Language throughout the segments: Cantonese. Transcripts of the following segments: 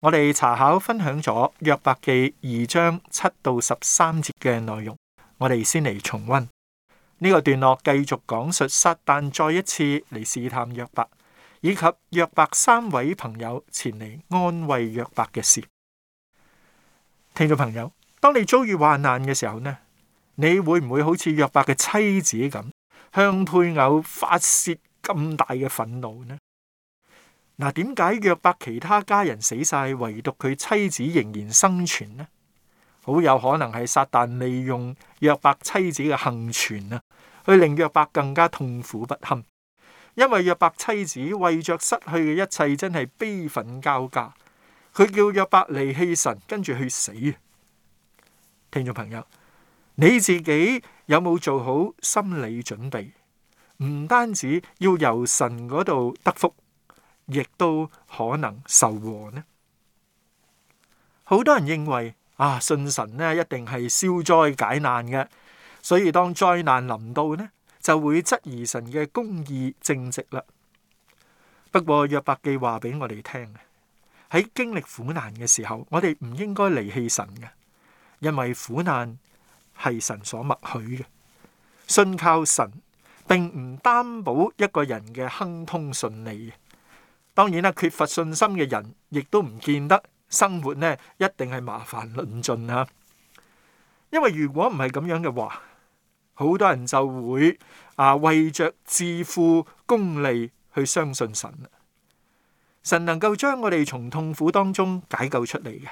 我哋查考分享咗約伯記二章七到十三節嘅內容，我哋先嚟重溫呢個段落，繼續講述撒旦再一次嚟試探約伯，以及約伯三位朋友前嚟安慰約伯嘅事。聽眾朋友，當你遭遇患難嘅時候呢？你會唔會好似約伯嘅妻子咁向配偶發洩咁大嘅憤怒呢？嗱，點解約伯其他家人死晒，唯獨佢妻子仍然生存呢？好有可能係撒旦利用約伯妻子嘅幸存啊，去令約伯更加痛苦不堪。因為約伯妻子為着失去嘅一切，真係悲憤交加。佢叫約伯離棄神，跟住去死。聽眾朋友，你自己有冇做好心理準備？唔單止要由神嗰度得福。亦都可能受禍呢。好多人認為啊，信神呢，一定係消災解難嘅，所以當災難臨到呢，就會質疑神嘅公義正直啦。不過約伯記話俾我哋聽，喺經歷苦難嘅時候，我哋唔應該離棄神嘅，因為苦難係神所默許嘅。信靠神，並唔擔保一個人嘅亨通順利。當然啦，缺乏信心嘅人，亦都唔見得生活呢一定係麻煩論盡啊。因為如果唔係咁樣嘅話，好多人就會啊為着致富、功利去相信神。神能夠將我哋從痛苦當中解救出嚟嘅。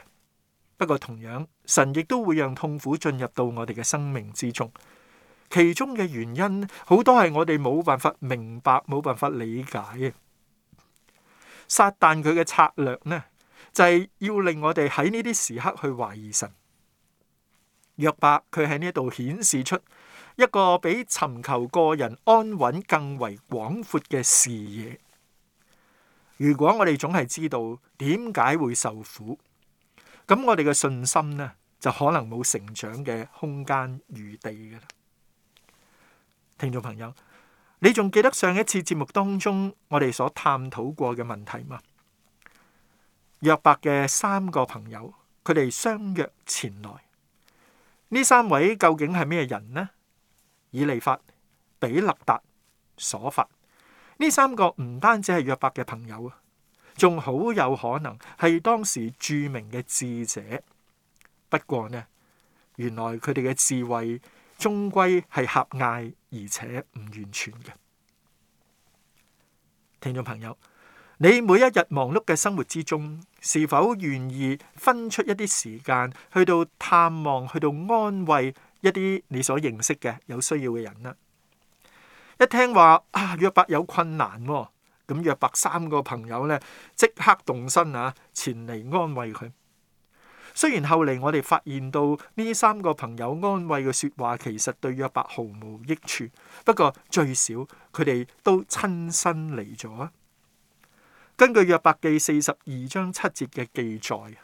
不過同樣，神亦都會讓痛苦進入到我哋嘅生命之中。其中嘅原因，好多係我哋冇辦法明白、冇辦法理解嘅。撒旦佢嘅策略呢，就係、是、要令我哋喺呢啲時刻去懷疑神。約伯佢喺呢度顯示出一個比尋求個人安穩更為廣闊嘅視野。如果我哋總係知道點解會受苦，咁我哋嘅信心呢，就可能冇成長嘅空間餘地嘅啦。聽眾朋友。你仲記得上一次節目當中我哋所探討過嘅問題嗎？約伯嘅三個朋友，佢哋相約前來，呢三位究竟係咩人呢？以利法、比勒達、所法。呢三個唔單止係約伯嘅朋友啊，仲好有可能係當時著名嘅智者。不過呢，原來佢哋嘅智慧終歸係狹隘。而且唔完全嘅，聽眾朋友，你每一日忙碌嘅生活之中，是否願意分出一啲時間去到探望、去到安慰一啲你所認識嘅有需要嘅人呢？一聽話啊，約伯有困難喎，咁約伯三個朋友呢，即刻動身啊，前嚟安慰佢。雖然後嚟我哋發現到呢三個朋友安慰嘅説話，其實對約伯毫無益處。不過最少佢哋都親身嚟咗。根據約伯記四十二章七節嘅記載，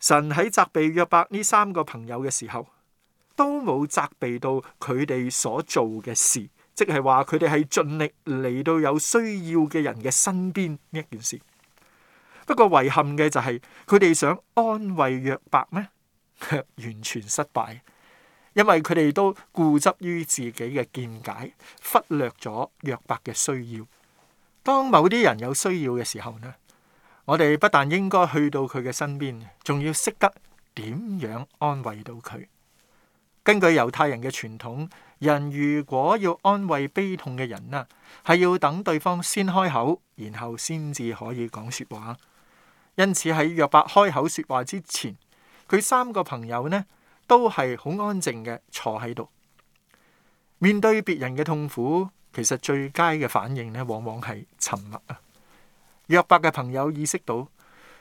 神喺責備約伯呢三個朋友嘅時候，都冇責備到佢哋所做嘅事，即係話佢哋係盡力嚟到有需要嘅人嘅身邊呢件事。不過遺憾嘅就係佢哋想安慰約伯咩，完全失敗，因為佢哋都固執於自己嘅見解，忽略咗約伯嘅需要。當某啲人有需要嘅時候呢，我哋不但應該去到佢嘅身邊，仲要識得點樣安慰到佢。根據猶太人嘅傳統，人如果要安慰悲痛嘅人呢，係要等對方先開口，然後先至可以講說話。因此喺約伯開口說話之前，佢三個朋友呢都係好安靜嘅，坐喺度。面對別人嘅痛苦，其實最佳嘅反應呢，往往係沉默啊。約伯嘅朋友意識到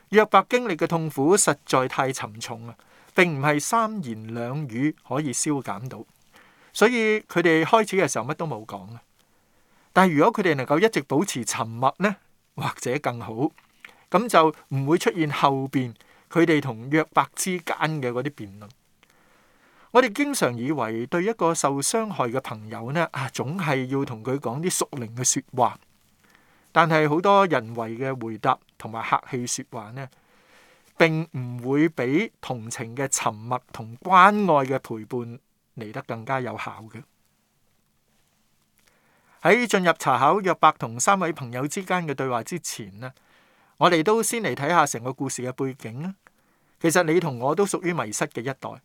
約伯經歷嘅痛苦實在太沉重啊，並唔係三言兩語可以消減到，所以佢哋開始嘅時候乜都冇講啊。但係如果佢哋能夠一直保持沉默呢，或者更好。咁就唔會出現後邊佢哋同約伯之間嘅嗰啲辯論。我哋經常以為對一個受傷害嘅朋友呢，啊，總係要同佢講啲屬靈嘅説話。但係好多人為嘅回答同埋客氣説話呢，並唔會比同情嘅沉默同關愛嘅陪伴嚟得更加有效嘅。喺進入查考約伯同三位朋友之間嘅對話之前呢。我哋都先嚟睇下成個故事嘅背景啦。其實你同我都屬於迷失嘅一代，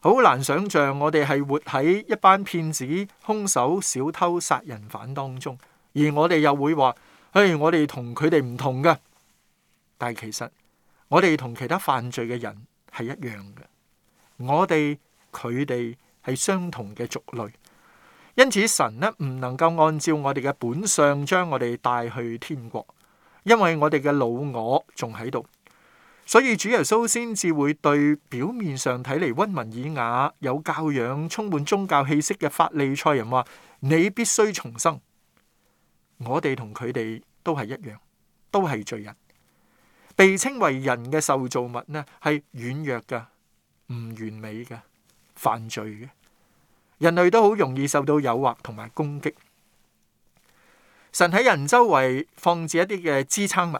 好難想象我哋係活喺一班騙子、兇手、小偷、殺人犯當中，而我哋又會話，嘿，我哋同佢哋唔同㗎。但係其實我哋同其他犯罪嘅人係一樣嘅，我哋佢哋係相同嘅族類。因此神呢唔能夠按照我哋嘅本相將我哋帶去天國。因為我哋嘅老我仲喺度，所以主耶穌先至會對表面上睇嚟溫文爾雅、有教養、充滿宗教氣息嘅法利賽人話：你必須重生。我哋同佢哋都係一樣，都係罪人，被稱為人嘅受造物呢，係軟弱嘅、唔完美嘅、犯罪嘅。人類都好容易受到誘惑同埋攻擊。神喺人周圍放置一啲嘅支撐物，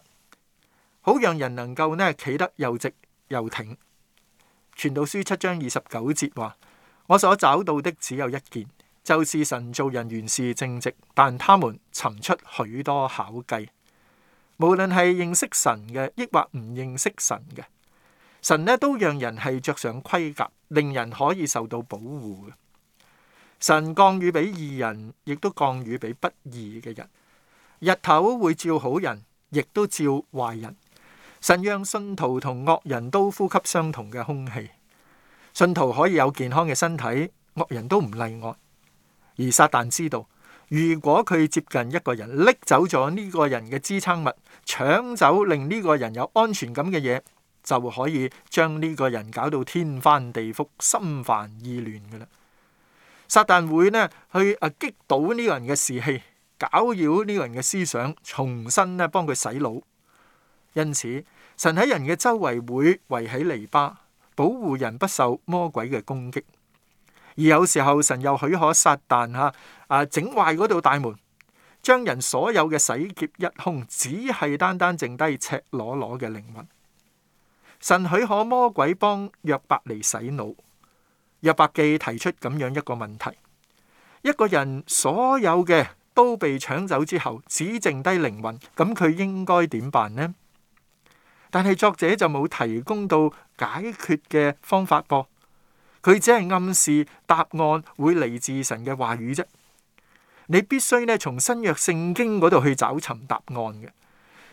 好讓人能夠呢企得又直又挺。傳道書七章二十九節話：我所找到的只有一件，就是神造人原是正直，但他們尋出許多巧計。無論係認識神嘅，抑或唔認識神嘅，神呢都讓人係着上盔甲，令人可以受到保護。神降雨俾義人，亦都降雨俾不義嘅人。日頭會照好人，亦都照壞人。神讓信徒同惡人都呼吸相同嘅空氣，信徒可以有健康嘅身體，惡人都唔例外。而撒旦知道，如果佢接近一個人，拎走咗呢個人嘅支撐物，搶走令呢個人有安全感嘅嘢，就可以將呢個人搞到天翻地覆、心煩意亂㗎喇。撒旦會呢去啊擊倒呢個人嘅士氣。攪擾呢個人嘅思想，重新咧幫佢洗腦。因此，神喺人嘅周圍會圍起籬笆，保護人不受魔鬼嘅攻擊。而有時候，神又許可撒旦吓啊整壞嗰道大門，將人所有嘅洗劫一空，只係單單剩低赤裸裸嘅靈魂。神許可魔鬼幫約伯嚟洗腦。約伯記提出咁樣一個問題，一個人所有嘅，都被搶走之後，只剩低靈魂，咁佢應該點辦呢？但係作者就冇提供到解決嘅方法噃，佢只係暗示答案會嚟自神嘅話語啫。你必須呢從新約聖經嗰度去找尋答案嘅，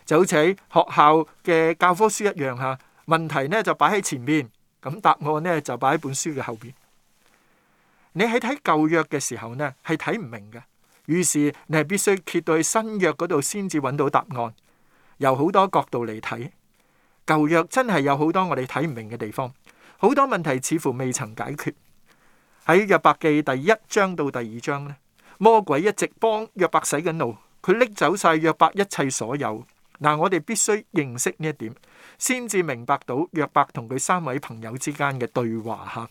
就好似喺學校嘅教科書一樣嚇。問題呢就擺喺前面；咁答案呢就擺喺本書嘅後邊。你喺睇舊約嘅時候呢，係睇唔明嘅。於是你係必須揭到新約嗰度先至揾到答案。由好多角度嚟睇，舊約真係有好多我哋睇唔明嘅地方，好多問題似乎未曾解決。喺約伯記第一章到第二章咧，魔鬼一直幫約伯洗緊腦，佢拎走晒約伯一切所有。嗱，我哋必須認識呢一點，先至明白到約伯同佢三位朋友之間嘅對話嚇。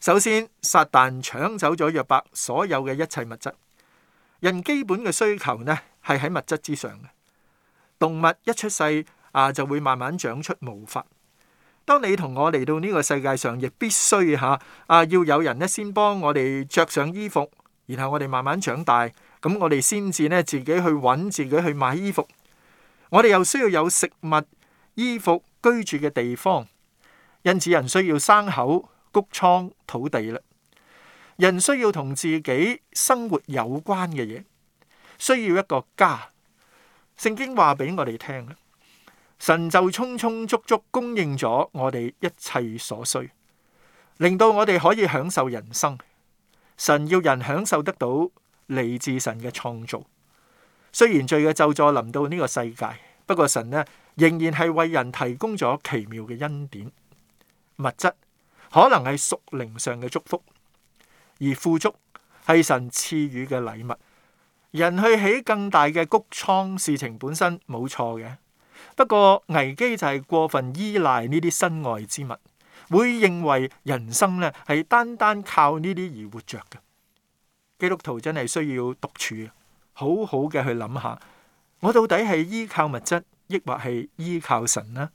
首先，撒旦搶走咗約伯所有嘅一切物質。人基本嘅需求呢，係喺物質之上嘅。動物一出世啊，就會慢慢長出毛髮。當你同我嚟到呢個世界上，亦必須吓啊，要有人咧先幫我哋着上衣服，然後我哋慢慢長大。咁我哋先至咧自己去揾，自己去買衣服。我哋又需要有食物、衣服、居住嘅地方。因此，人需要牲口。穀倉土地啦，人需要同自己生活有關嘅嘢，需要一個家。聖經話俾我哋聽，神就充充足足供應咗我哋一切所需，令到我哋可以享受人生。神要人享受得到嚟自神嘅創造，雖然罪嘅咒詛臨到呢個世界，不過神呢，仍然係為人提供咗奇妙嘅恩典物質。可能係屬靈上嘅祝福，而富足係神賜予嘅禮物。人去起更大嘅穀倉，事情本身冇錯嘅。不過危機就係過分依賴呢啲身外之物，會認為人生咧係單單靠呢啲而活着嘅。基督徒真係需要獨處，好好嘅去諗下，我到底係依靠物質，抑或係依靠神呢？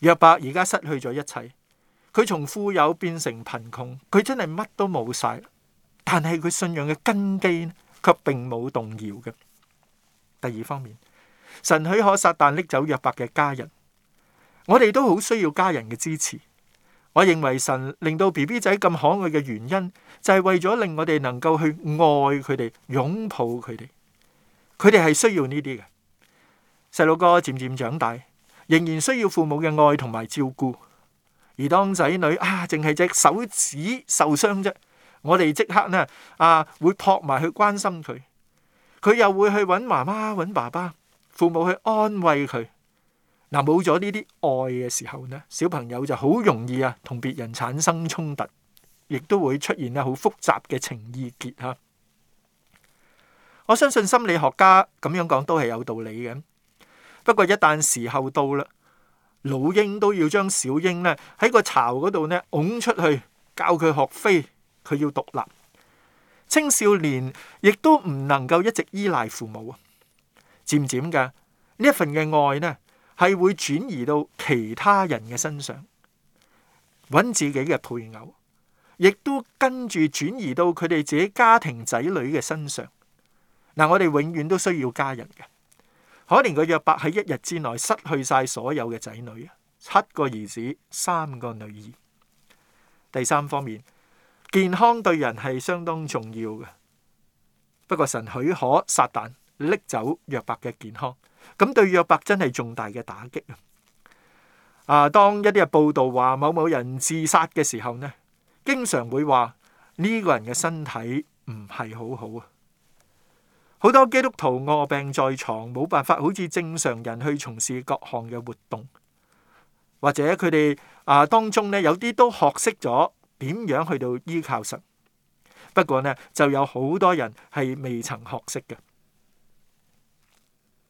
約伯而家失去咗一切。佢從富有變成貧窮，佢真係乜都冇晒，但係佢信仰嘅根基呢，卻並冇動搖嘅。第二方面，神許可撒旦拎走約伯嘅家人，我哋都好需要家人嘅支持。我認為神令到 BB 仔咁可愛嘅原因，就係、是、為咗令我哋能夠去愛佢哋，擁抱佢哋。佢哋係需要呢啲嘅。細路哥漸漸長大，仍然需要父母嘅愛同埋照顧。而當仔女啊，淨係隻手指受傷啫，我哋即刻呢啊會撲埋去關心佢，佢又會去揾媽媽揾爸爸，父母去安慰佢。嗱、啊，冇咗呢啲愛嘅時候呢，小朋友就好容易啊同別人產生衝突，亦都會出現呢好複雜嘅情意結啊！我相信心理學家咁樣講都係有道理嘅，不過一旦時候到啦。老鷹都要將小鷹呢喺個巢嗰度呢拱出去，教佢學飛，佢要獨立。青少年亦都唔能夠一直依賴父母，漸漸嘅呢一份嘅愛呢係會轉移到其他人嘅身上，搵自己嘅配偶，亦都跟住轉移到佢哋自己家庭仔女嘅身上。嗱，我哋永遠都需要家人嘅。可憐嘅約伯喺一日之內失去晒所有嘅仔女啊，七個兒子，三個女兒。第三方面，健康對人係相當重要嘅。不過神許可撒旦拎走約伯嘅健康，咁對約伯真係重大嘅打擊啊！當一啲嘅報道話某某人自殺嘅時候呢，經常會話呢個人嘅身體唔係好好啊。好多基督徒卧病在床，冇辦法好似正常人去從事各項嘅活動，或者佢哋啊當中咧有啲都學識咗點樣去到依靠神。不過呢，就有好多人係未曾學識嘅。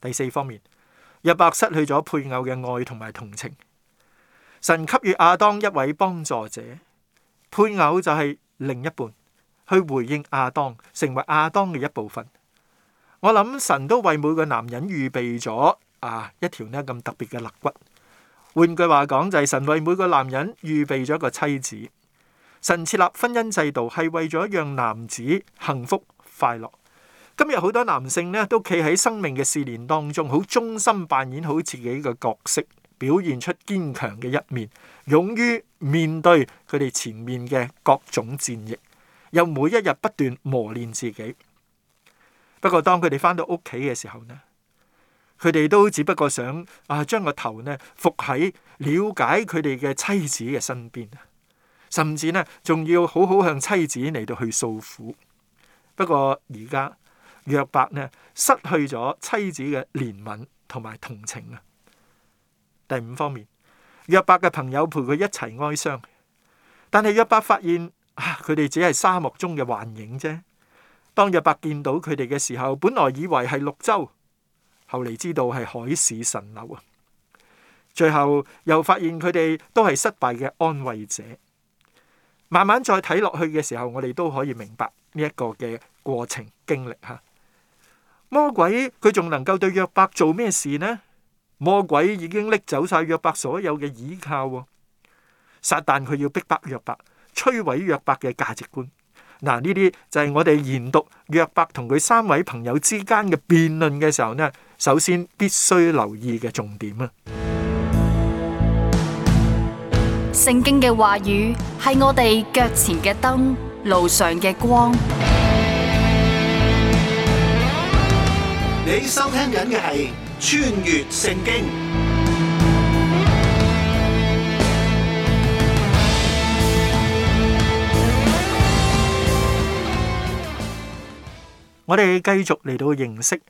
第四方面，約伯失去咗配偶嘅愛同埋同情。神給予亞當一位幫助者，配偶就係另一半去回應亞當，成為亞當嘅一部分。我諗神都為每個男人預備咗啊一條呢咁特別嘅肋骨。換句話講就係神為每個男人預備咗個妻子。神設立婚姻制度係為咗讓男子幸福快樂。今日好多男性呢都企喺生命嘅試煉當中，好忠心扮演好自己嘅角色，表現出堅強嘅一面，勇於面對佢哋前面嘅各種戰役，又每一日不斷磨練自己。不過，當佢哋返到屋企嘅時候呢，佢哋都只不過想啊將個頭呢伏喺了解佢哋嘅妻子嘅身邊，甚至呢仲要好好向妻子嚟到去訴苦。不過而家約伯呢失去咗妻子嘅憐憫同埋同情啊。第五方面，約伯嘅朋友陪佢一齊哀傷，但係約伯發現啊，佢哋只係沙漠中嘅幻影啫。當約伯見到佢哋嘅時候，本來以為係綠洲，後嚟知道係海市蜃樓啊！最後又發現佢哋都係失敗嘅安慰者。慢慢再睇落去嘅時候，我哋都可以明白呢一個嘅過程經歷吓。魔鬼佢仲能夠對約伯做咩事呢？魔鬼已經拎走晒約伯所有嘅倚靠喎。撒但佢要逼迫約伯，摧毀約伯嘅價值觀。嗱，呢啲就係我哋研讀約伯同佢三位朋友之間嘅辯論嘅時候呢，首先必須留意嘅重點啊！聖經嘅話語係我哋腳前嘅燈，路上嘅光。你收聽緊嘅係《穿越聖經》。我哋繼續嚟到認識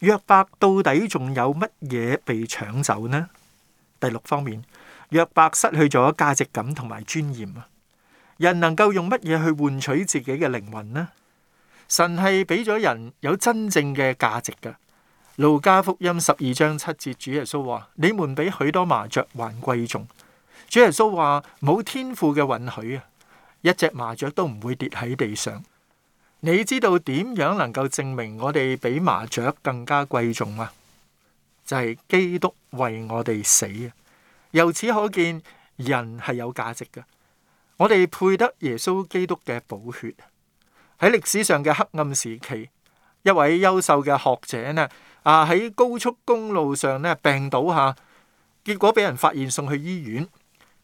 約伯到底仲有乜嘢被搶走呢？第六方面，約伯失去咗價值感同埋尊嚴啊！人能夠用乜嘢去換取自己嘅靈魂呢？神係俾咗人有真正嘅價值噶。路加福音十二章七節，主耶穌話，你們比許多麻雀還貴重。主耶穌話，冇天父嘅允許啊，一隻麻雀都唔會跌喺地上。你知道點樣能夠證明我哋比麻雀更加貴重嗎？就係基督為我哋死啊！由此可見，人係有價值嘅。我哋配得耶穌基督嘅寶血。喺歷史上嘅黑暗時期，一位優秀嘅學者呢啊，喺高速公路上呢病倒下，結果俾人發現送去醫院。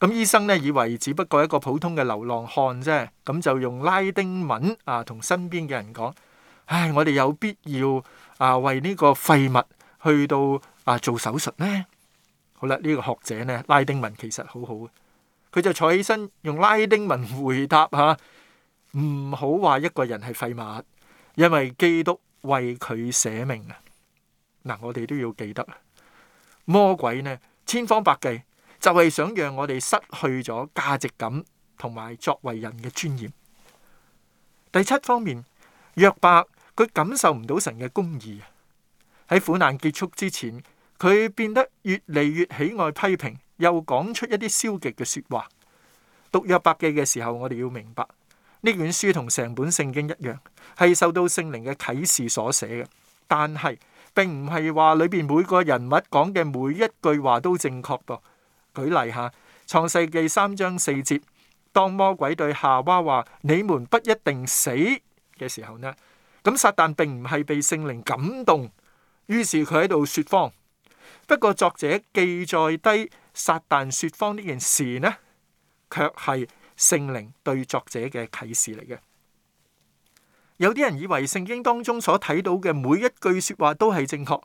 咁醫生咧以為只不過一個普通嘅流浪漢啫，咁就用拉丁文啊同身邊嘅人講：唉，我哋有必要啊為呢個廢物去到啊做手術咧？好啦，呢個學者咧拉丁文其實好好嘅，佢就坐起身用拉丁文回答嚇：唔好話一個人係廢物，因為基督為佢捨命啊！嗱，我哋都要記得，魔鬼呢，千方百計。就係想讓我哋失去咗價值感，同埋作為人嘅尊嚴。第七方面，約伯佢感受唔到神嘅公義。喺苦難結束之前，佢變得越嚟越喜愛批評，又講出一啲消極嘅說話。讀約伯記嘅時候，我哋要明白，呢卷書同成本聖經一樣，係受到聖靈嘅啟示所寫嘅，但係並唔係話裏邊每個人物講嘅每一句話都正確噃。舉例吓，《創世記》三章四節，當魔鬼對夏娃話：你們不一定死嘅時候呢，咁撒旦並唔係被聖靈感動，於是佢喺度説謊。不過作者記載低撒旦説謊呢件事呢，卻係聖靈對作者嘅啟示嚟嘅。有啲人以為聖經當中所睇到嘅每一句説話都係正確。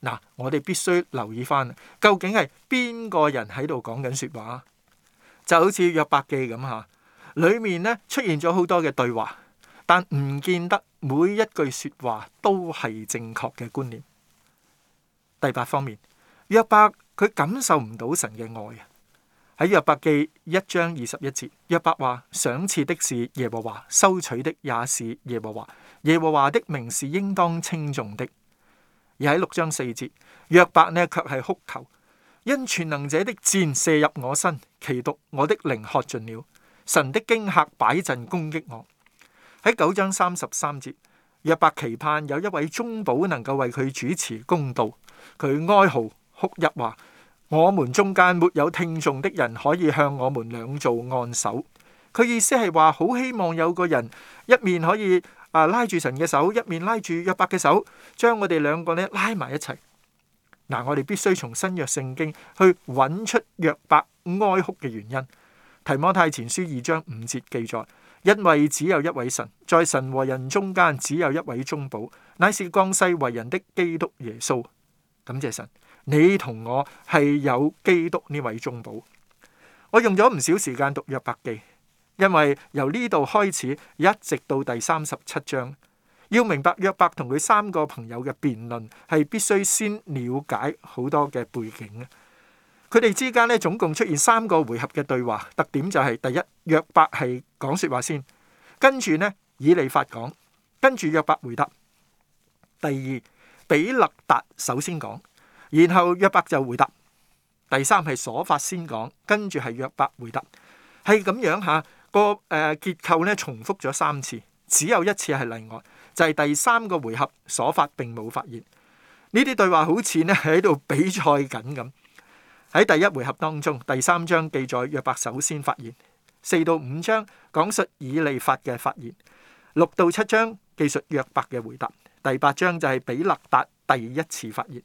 嗱，我哋必須留意返究竟係邊個人喺度講緊説話？就好似約伯記咁吓，裡面咧出現咗好多嘅對話，但唔見得每一句説話都係正確嘅觀念。第八方面，約伯佢感受唔到神嘅愛啊！喺約伯記一章二十一節，約伯話：賞賜的是耶和華，收取的也是耶和華，耶和華的名是應當稱頌的。而喺六章四節，約伯呢卻係哭求，因全能者的箭射入我身，其毒我的靈喝盡了。神的驚吓擺陣攻擊我。喺九章三十三節，約伯期盼有一位中保能夠為佢主持公道。佢哀嚎哭泣話：我們中間沒有聽訟的人可以向我們兩造按手。佢意思係話好希望有個人一面可以。啊！拉住神嘅手，一面拉住約伯嘅手，將我哋兩個呢拉埋一齊。嗱、啊，我哋必須從新約聖經去揾出約伯哀哭嘅原因。提摩太前書二章五節記載：因為只有一位神，在神和人中間只有一位中保，乃是降世為人的基督耶穌。感謝神，你同我係有基督呢位中保。我用咗唔少時間讀約伯記。因為由呢度開始，一直到第三十七章，要明白約伯同佢三個朋友嘅辯論，係必須先了解好多嘅背景。佢哋之間咧，總共出現三個回合嘅對話，特點就係：第一，約伯係講說話先，跟住呢以利法講，跟住約伯回答；第二，比勒達首先講，然後約伯就回答；第三係瑣法先講，跟住係約伯回答，係咁樣吓。個誒結構咧重複咗三次，只有一次係例外，就係、是、第三個回合瑣法並冇發言。呢啲對話好似咧喺度比賽緊咁。喺第一回合當中，第三章記載約伯首先發言，四到五章講述以利法嘅發言，六到七章記述約伯嘅回答，第八章就係比勒達第一次發言，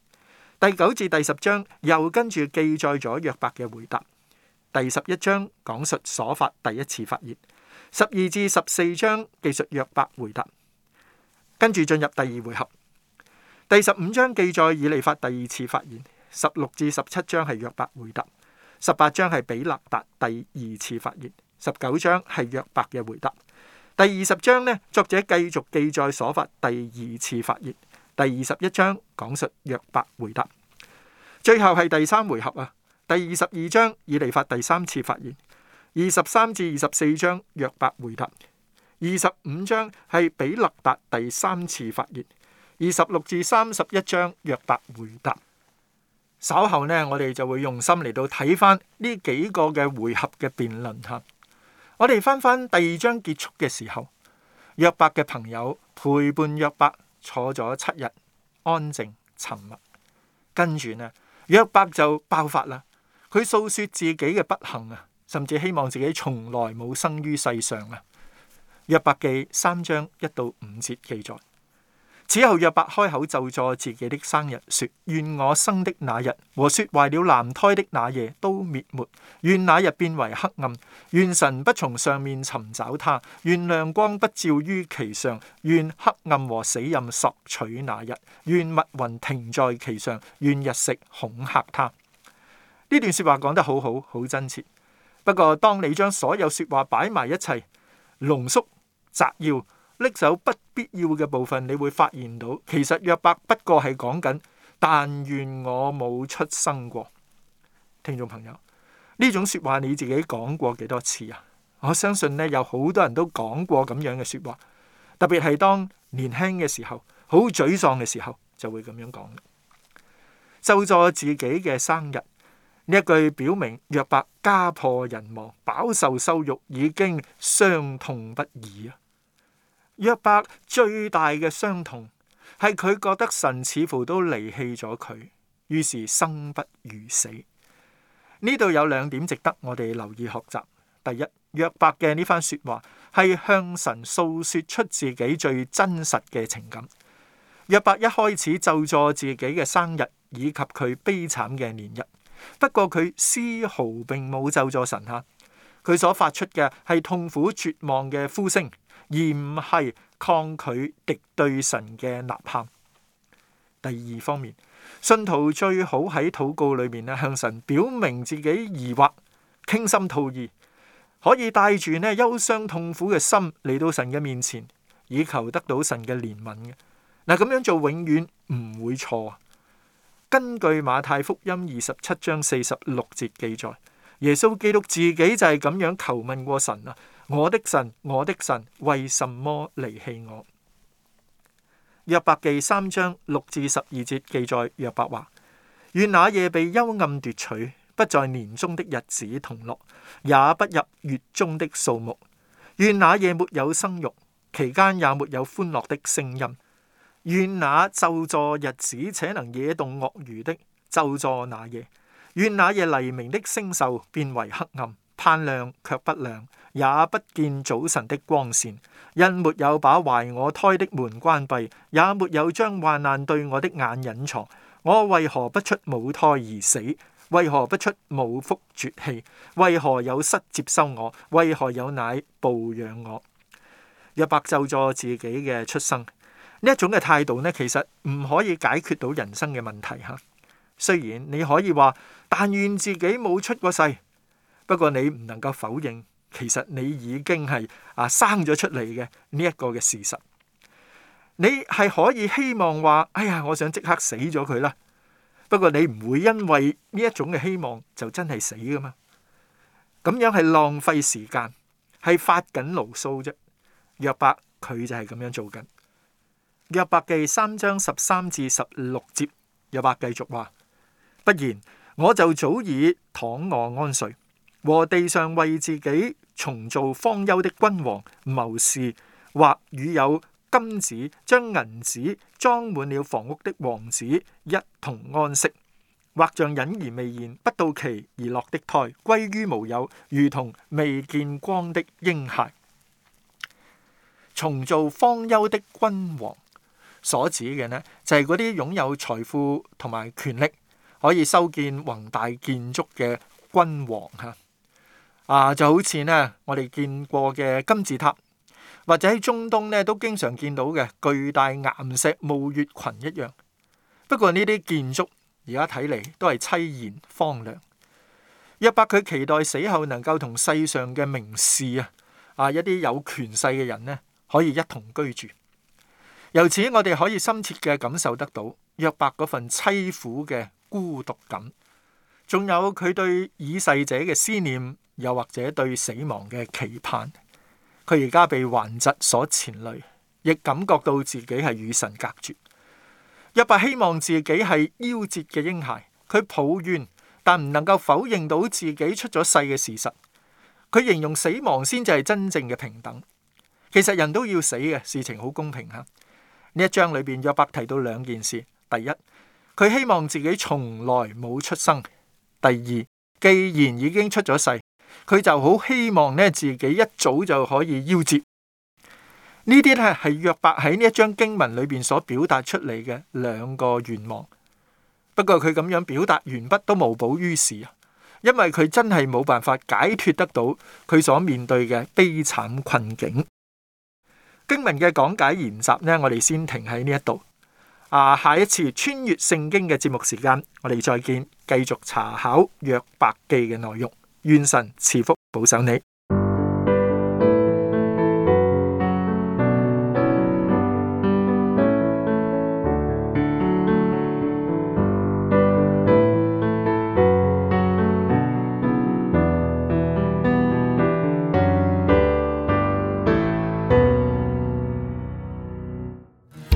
第九至第十章又跟住記載咗約伯嘅回答。第十一章講述瑣法第一次發言，十二至十四章記述約伯回答，跟住進入第二回合。第十五章記載以利法第二次發言，十六至十七章係約伯回答，十八章係比勒達第二次發言，十九章係約伯嘅回答。第二十章呢，作者繼續記載瑣法第二次發言。第二十一章講述約伯回答，最後係第三回合啊。第二十二章以利法第三次發言，二十三至二十四章約伯回答，二十五章係比勒達第三次發言，二十六至三十一章約伯回答。稍後呢，我哋就會用心嚟到睇翻呢幾個嘅回合嘅辯論吓。我哋翻翻第二章結束嘅時候，約伯嘅朋友陪伴約伯坐咗七日安靜沉默，跟住呢約伯就爆發啦。佢訴説自己嘅不幸啊，甚至希望自己從來冇生於世上啊。約伯記三章一到五節記載，此後約伯開口咒詛自己的生日，說：願我生的那日和説懷了男胎的那夜都滅沒；願那日變為黑暗；願神不從上面尋找他；願亮光不照於其上；願黑暗和死蔭索取那日；願密雲停在其上；願日食恐嚇他。呢段說話講得好好，好真切。不過當你將所有說話擺埋一齊，濃縮、摘要、拎走不必要嘅部分，你會發現到，其實約伯不過係講緊「但願我冇出生過」。聽眾朋友，呢種說話你自己講過幾多次啊？我相信呢，有好多人都講過咁樣嘅說話，特別係當年輕嘅時候，好沮喪嘅時候，就會咁樣講。就在自己嘅生日。呢一句表明，約伯家破人亡，飽受羞辱，已經傷痛不已啊。約伯最大嘅傷痛係佢覺得神似乎都離棄咗佢，於是生不如死。呢度有兩點值得我哋留意學習。第一，約伯嘅呢番說話係向神訴說出自己最真實嘅情感。約伯一開始就詛自己嘅生日以及佢悲慘嘅年日。不過佢絲毫並冇咒詛神吓，佢所發出嘅係痛苦絕望嘅呼聲，而唔係抗拒敵對神嘅呐喊。第二方面，信徒最好喺禱告裏面咧向神表明自己疑惑，傾心吐意，可以帶住呢憂傷痛苦嘅心嚟到神嘅面前，以求得到神嘅憐憫嘅。嗱，咁樣做永遠唔會錯。根據馬太福音二十七章四十六節記載，耶穌基督自己就係咁樣求問過神啊：我的神，我的神，為什麼離棄我？約伯記三章六至十二節記載，約伯話：願那夜被幽暗奪取，不在年中的日子同樂，也不入月中的數目；願那夜沒有生育，其間也沒有歡樂的聲音。願那咒詛日子且能惹動鱷魚的咒詛那夜，願那夜黎明的星宿變為黑暗，盼亮卻不亮，也不見早晨的光線。因沒有把懷我胎的門關閉，也沒有將患難對我的眼隱藏，我為何不出母胎而死？為何不出母腹絕氣？為何有失接收我？為何有奶哺養我？約伯咒詛自己嘅出生。呢一種嘅態度呢，其實唔可以解決到人生嘅問題吓。雖然你可以話，但願自己冇出過世，不過你唔能夠否認，其實你已經係啊生咗出嚟嘅呢一個嘅事實。你係可以希望話，哎呀，我想即刻死咗佢啦。不過你唔會因為呢一種嘅希望就真係死噶嘛。咁樣係浪費時間，係發緊牢騷啫。約伯佢就係咁樣做緊。約伯記三章十三至十六節，約伯繼續話：不然我就早已躺臥安睡，和地上為自己重造荒丘的君王、謀士或與有金子將銀子裝滿了房屋的王子一同安息，或像隱而未現不到期而落的胎，歸於無有，如同未見光的嬰孩，重造荒丘的君王，所指嘅呢，就係嗰啲擁有財富同埋權力，可以修建宏大建築嘅君王嚇，啊就好似呢，我哋見過嘅金字塔，或者喺中東呢，都經常見到嘅巨大岩石墓穴群一樣。不過呢啲建築而家睇嚟都係淒然荒涼。約伯佢期待死後能夠同世上嘅名士啊，啊一啲有權勢嘅人呢，可以一同居住。由此，我哋可以深切嘅感受得到約伯嗰份淒苦嘅孤獨感，仲有佢對已逝者嘅思念，又或者對死亡嘅期盼。佢而家被患疾所纏累，亦感覺到自己係與神隔絕。約伯希望自己係夭折嘅嬰孩，佢抱怨，但唔能夠否認到自己出咗世嘅事實。佢形容死亡先至係真正嘅平等。其實人都要死嘅，事情好公平吓。呢一章裏邊約伯提到兩件事：第一，佢希望自己從來冇出生；第二，既然已經出咗世，佢就好希望咧自己一早就可以夭折。呢啲咧係約伯喺呢一章經文裏邊所表達出嚟嘅兩個願望。不過佢咁樣表達完畢都無補於事啊，因為佢真係冇辦法解脫得到佢所面對嘅悲慘困境。經文嘅講解研習咧，我哋先停喺呢一度。啊，下一次穿越聖經嘅節目時間，我哋再見，繼續查考約伯記嘅內容。願神賜福保守你。